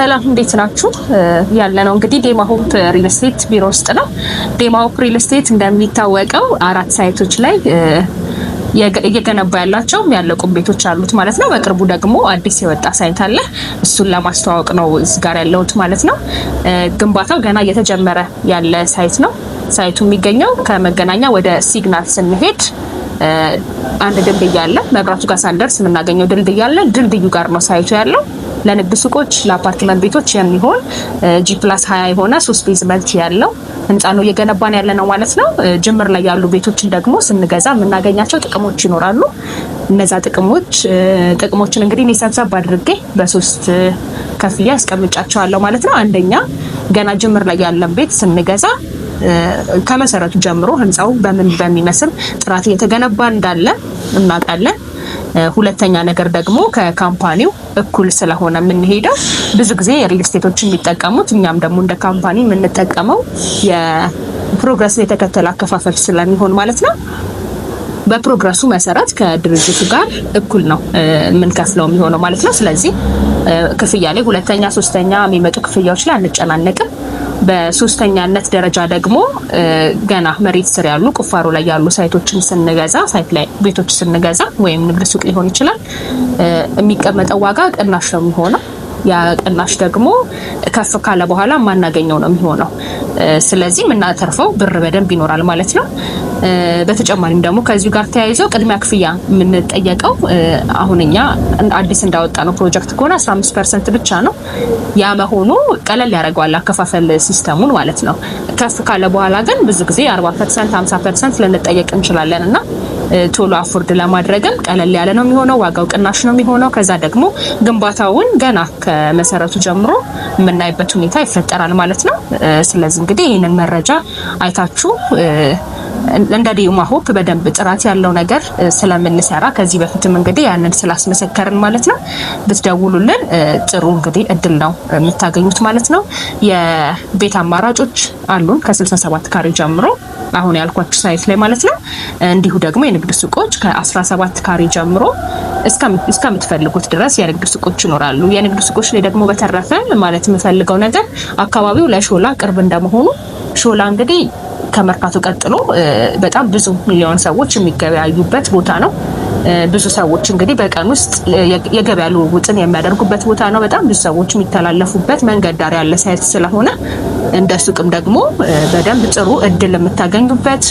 ሰላም እንዴት ናችሁ? ያለ ነው እንግዲህ ዴማ ሆፕ ሪል ስቴት ቢሮ ውስጥ ነው። ዴማ ሆፕ ሪል ስቴት እንደሚታወቀው አራት ሳይቶች ላይ እየገነባ ያላቸው ያለቁም ቤቶች አሉት ማለት ነው። በቅርቡ ደግሞ አዲስ የወጣ ሳይት አለ። እሱን ለማስተዋወቅ ነው እዚህ ጋር ያለሁት ማለት ነው። ግንባታው ገና እየተጀመረ ያለ ሳይት ነው። ሳይቱ የሚገኘው ከመገናኛ ወደ ሲግናል ስንሄድ አንድ ድልድይ አለ። መብራቱ ጋር ሳንደርስ የምናገኘው ድልድይ አለ። ድልድዩ ጋር ነው ሳይቱ ያለው። ለንግድ ሱቆች፣ ለአፓርትመንት ቤቶች የሚሆን ጂ ፕላስ 20 የሆነ ሶስት ቤዝመንት ያለው ህንፃ ነው እየገነባን ያለ ነው ማለት ነው። ጅምር ላይ ያሉ ቤቶችን ደግሞ ስንገዛ የምናገኛቸው ጥቅሞች ይኖራሉ። እነዛ ጥቅሞች ጥቅሞችን እንግዲህ እኔ ሰብሰብ አድርጌ በሶስት ከፍዬ አስቀምጫቸዋለሁ ማለት ነው። አንደኛ ገና ጅምር ላይ ያለን ቤት ስንገዛ ከመሰረቱ ጀምሮ ህንፃው በምን በሚመስል ጥራት እየተገነባ እንዳለ እናውቃለን። ሁለተኛ ነገር ደግሞ ከካምፓኒው እኩል ስለሆነ የምንሄደው ብዙ ጊዜ የሪል ስቴቶች የሚጠቀሙት እኛም ደግሞ እንደ ካምፓኒ የምንጠቀመው የፕሮግረስ የተከተለ አከፋፈል ስለሚሆን ማለት ነው። በፕሮግረሱ መሰረት ከድርጅቱ ጋር እኩል ነው የምንከፍለው የሚሆነው ማለት ነው። ስለዚህ ክፍያ ላይ ሁለተኛ፣ ሶስተኛ የሚመጡ ክፍያዎች ላይ አንጨናነቅም። በሶስተኛነት ደረጃ ደግሞ ገና መሬት ስር ያሉ ቁፋሮ ላይ ያሉ ሳይቶችን ስንገዛ ሳይት ላይ ቤቶች ስንገዛ ወይም ንግድ ሱቅ ሊሆን ይችላል የሚቀመጠው ዋጋ ቅናሽ ነው የሚሆነው። ያ ቅናሽ ደግሞ ከፍ ካለ በኋላ የማናገኘው ነው የሚሆነው። ስለዚህ የምናተርፈው ብር በደንብ ይኖራል ማለት ነው። በተጨማሪም ደግሞ ከዚሁ ጋር ተያይዞ ቅድሚያ ክፍያ የምንጠየቀው አሁን አዲስ እንዳወጣ ነው ፕሮጀክት ከሆነ 15 ፐርሰንት ብቻ ነው። ያ መሆኑ ቀለል ያደርገዋል አከፋፈል ሲስተሙን ማለት ነው። ከፍ ካለ በኋላ ግን ብዙ ጊዜ 40 ፐርሰንት፣ 50 ፐርሰንት ልንጠየቅ እንችላለን እና ቶሎ አፎርድ ለማድረግም ቀለል ያለ ነው የሚሆነው። ዋጋው ቅናሽ ነው የሚሆነው። ከዛ ደግሞ ግንባታውን ገና ከመሰረቱ ጀምሮ የምናይበት ሁኔታ ይፈጠራል ማለት ነው። ስለዚህ እንግዲህ ይህንን መረጃ አይታችሁ እንደ ዲዩማ ሆፕ በደንብ ጥራት ያለው ነገር ስለምንሰራ ከዚህ በፊትም እንግዲህ ያንን ስላስመሰከርን ማለት ነው ብትደውሉልን ጥሩ እንግዲህ እድል ነው የምታገኙት ማለት ነው። የቤት አማራጮች አሉን ከ67 ካሬ ጀምሮ አሁን ያልኳችሁ ሳይት ላይ ማለት ነው። እንዲሁ ደግሞ የንግድ ሱቆች ከ17 ካሬ ጀምሮ እስከምትፈልጉት ድረስ የንግድ ሱቆች ይኖራሉ። የንግድ ሱቆች ላይ ደግሞ በተረፈ ማለት የምፈልገው ነገር አካባቢው ለሾላ ቅርብ እንደመሆኑ ሾላ እንግዲህ ከመርካቶ ቀጥሎ በጣም ብዙ ሚሊዮን ሰዎች የሚገበያዩበት ቦታ ነው። ብዙ ሰዎች እንግዲህ በቀን ውስጥ የገበያ ልውውጥን የሚያደርጉበት ቦታ ነው። በጣም ብዙ ሰዎች የሚተላለፉበት መንገድ ዳር ያለ ሳይት ስለሆነ እንደ ሱቅም ደግሞ በደንብ ጥሩ እድል የምታገኙበት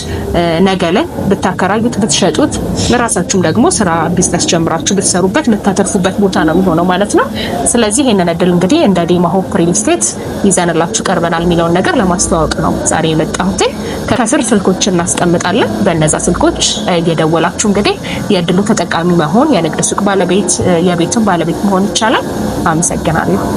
ነገ ላይ ብታከራዩት፣ ብትሸጡት ለራሳችሁም ደግሞ ስራ ቢዝነስ ጀምራችሁ ብትሰሩበት የምታተርፉበት ቦታ ነው የሚሆነው ማለት ነው። ስለዚህ ይህንን እድል እንግዲህ እንደ ዴማ ሪል ስቴት ይዘንላችሁ ቀርበናል የሚለውን ነገር ለማስተዋወቅ ነው ዛሬ የመጣሁት። ከስር ስልኮች እናስቀምጣለን። በእነዛ ስልኮች እየደወላችሁ እንግዲህ የእድሉ ሁሉ ተጠቃሚ መሆን የንግድ ሱቅ ባለቤት የቤትም ባለቤት መሆን ይቻላል። አመሰግናለሁ።